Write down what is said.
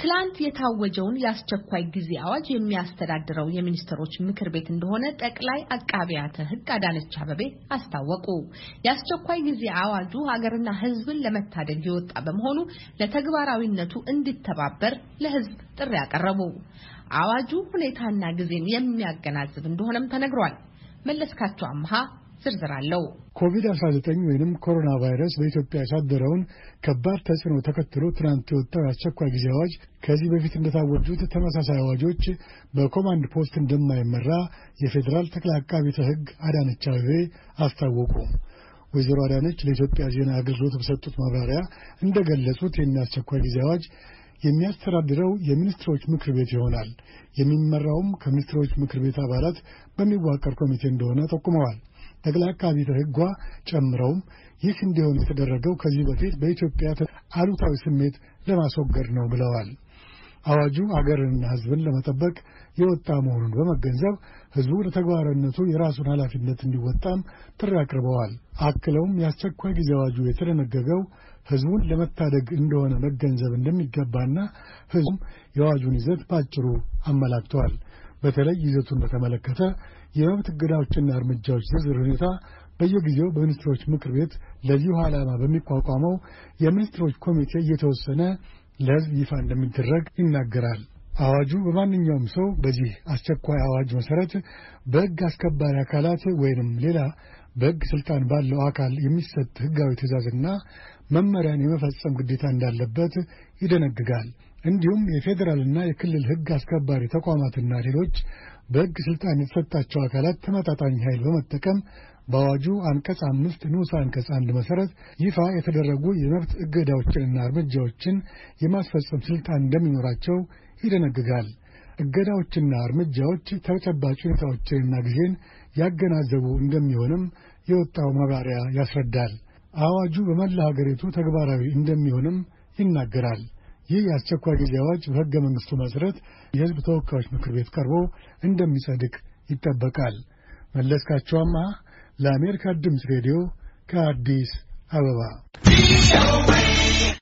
ትላንት የታወጀውን የአስቸኳይ ጊዜ አዋጅ የሚያስተዳድረው የሚኒስትሮች ምክር ቤት እንደሆነ ጠቅላይ አቃቢያተ ሕግ አዳነች አበቤ አስታወቁ። የአስቸኳይ ጊዜ አዋጁ ሀገርና ሕዝብን ለመታደግ የወጣ በመሆኑ ለተግባራዊነቱ እንዲተባበር ለሕዝብ ጥሪ አቀረቡ። አዋጁ ሁኔታና ጊዜን የሚያገናዝብ እንደሆነም ተነግሯል። መለስካቸው አምሃ ዝርዝር አለው። ኮቪድ-19 ወይም ኮሮና ቫይረስ በኢትዮጵያ ያሳደረውን ከባድ ተጽዕኖ ተከትሎ ትናንት የወጣው የአስቸኳይ ጊዜ አዋጅ ከዚህ በፊት እንደታወጁት ተመሳሳይ አዋጆች በኮማንድ ፖስት እንደማይመራ የፌዴራል ጠቅላይ አቃቤ ሕግ አዳነች አቤቤ አስታወቁ። ወይዘሮ አዳነች ለኢትዮጵያ ዜና አገልግሎት በሰጡት ማብራሪያ እንደገለጹት የሚያስቸኳይ ጊዜ አዋጅ የሚያስተዳድረው የሚኒስትሮች ምክር ቤት ይሆናል። የሚመራውም ከሚኒስትሮች ምክር ቤት አባላት በሚዋቀር ኮሚቴ እንደሆነ ጠቁመዋል። ጠቅላይ አቃቢ ሕጓ ጨምረውም ይህ እንዲሆን የተደረገው ከዚህ በፊት በኢትዮጵያ አሉታዊ ስሜት ለማስወገድ ነው ብለዋል። አዋጁ አገርንና ሕዝብን ለመጠበቅ የወጣ መሆኑን በመገንዘብ ሕዝቡ ለተግባራዊነቱ የራሱን ኃላፊነት እንዲወጣም ጥሪ አቅርበዋል። አክለውም የአስቸኳይ ጊዜ አዋጁ የተደነገገው ሕዝቡን ለመታደግ እንደሆነ መገንዘብ እንደሚገባና ሕዝቡም የአዋጁን ይዘት በአጭሩ አመላክተዋል። በተለይ ይዘቱን በተመለከተ የመብት እገዳዎችና እርምጃዎች ዝርዝር ሁኔታ በየጊዜው በሚኒስትሮች ምክር ቤት ለዚሁ ዓላማ በሚቋቋመው የሚኒስትሮች ኮሚቴ እየተወሰነ ለሕዝብ ይፋ እንደሚደረግ ይናገራል። አዋጁ በማንኛውም ሰው በዚህ አስቸኳይ አዋጅ መሠረት በሕግ አስከባሪ አካላት ወይንም ሌላ በሕግ ሥልጣን ባለው አካል የሚሰጥ ሕጋዊ ትእዛዝና መመሪያን የመፈጸም ግዴታ እንዳለበት ይደነግጋል። እንዲሁም የፌዴራልና የክልል ሕግ አስከባሪ ተቋማትና ሌሎች በሕግ ሥልጣን የተሰጣቸው አካላት ተመጣጣኝ ኃይል በመጠቀም በአዋጁ አንቀጽ አምስት ንዑስ አንቀጽ አንድ መሠረት ይፋ የተደረጉ የመብት እገዳዎችንና እርምጃዎችን የማስፈጸም ሥልጣን እንደሚኖራቸው ይደነግጋል። እገዳዎችና እርምጃዎች ተጨባጭ ሁኔታዎችንና ጊዜን ያገናዘቡ እንደሚሆንም የወጣው ማብራሪያ ያስረዳል። አዋጁ በመላ ሀገሪቱ ተግባራዊ እንደሚሆንም ይናገራል። ይህ የአስቸኳይ ጊዜ አዋጅ በሕገ መንግሥቱ መሠረት የሕዝብ ተወካዮች ምክር ቤት ቀርቦ እንደሚጸድቅ ይጠበቃል። መለስካቸዋማ ለአሜሪካ ድምፅ ሬዲዮ ከአዲስ አበባ